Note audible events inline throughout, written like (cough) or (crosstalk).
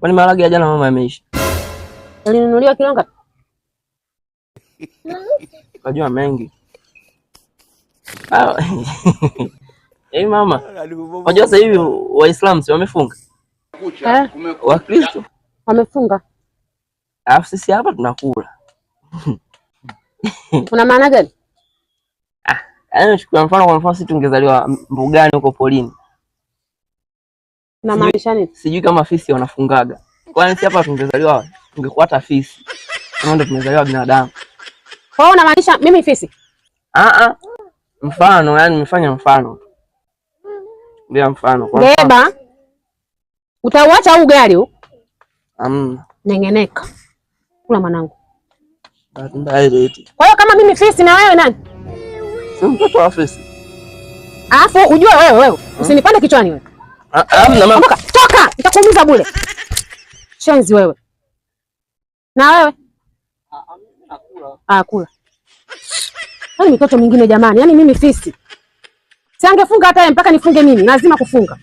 Kwani maharage ya jana mama yameisha? Alinunuliwa kilo ngapi? Kajua (laughs) mengi. Ah, (laughs) hey mama, unajua sasa hivi Waislamu si wamefunga, eh? Wakristo wamefunga, alafu sisi hapa tunakula. Kuna (laughs) maana gani? Ah, yaani, mfano, kwa mfano sisi tungezaliwa mbugani huko polini na maanisha nini? Sijui kama fisi wanafungaga. Kwani si hapa tungezaliwa tungekuwa hata fisi. Kama ndo tumezaliwa binadamu. Kwa hiyo unamaanisha mimi fisi? Ah ah. Mfano, yani nimefanya mfano. Ndio mfano kwa mfano. Beba. Utauacha huu gari huu? Amna. Nengeneka. Kula mwanangu. Kwa hiyo kama mimi fisi na wewe nani? Si mtoto wa fisi. Alafu ujue wewe wewe, hmm. usinipande kichwani wewe. Ah, ah, toka, toka, nitakuumiza bure. Shenzi wewe. Na wewe? Ah, kula. Yaani mitoto mingine jamani, yaani mimi fisi. Siangefunga hata yeye mpaka nifunge mimi, lazima kufunga.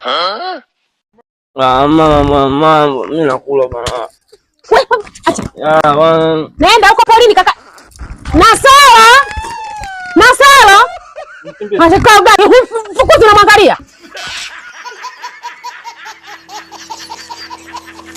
Ah, mama mama, mimi nakula bana. Nenda huko polini kaka. Na sawa. Na sawa. Acha kwa gari mfukuzi unamwangalia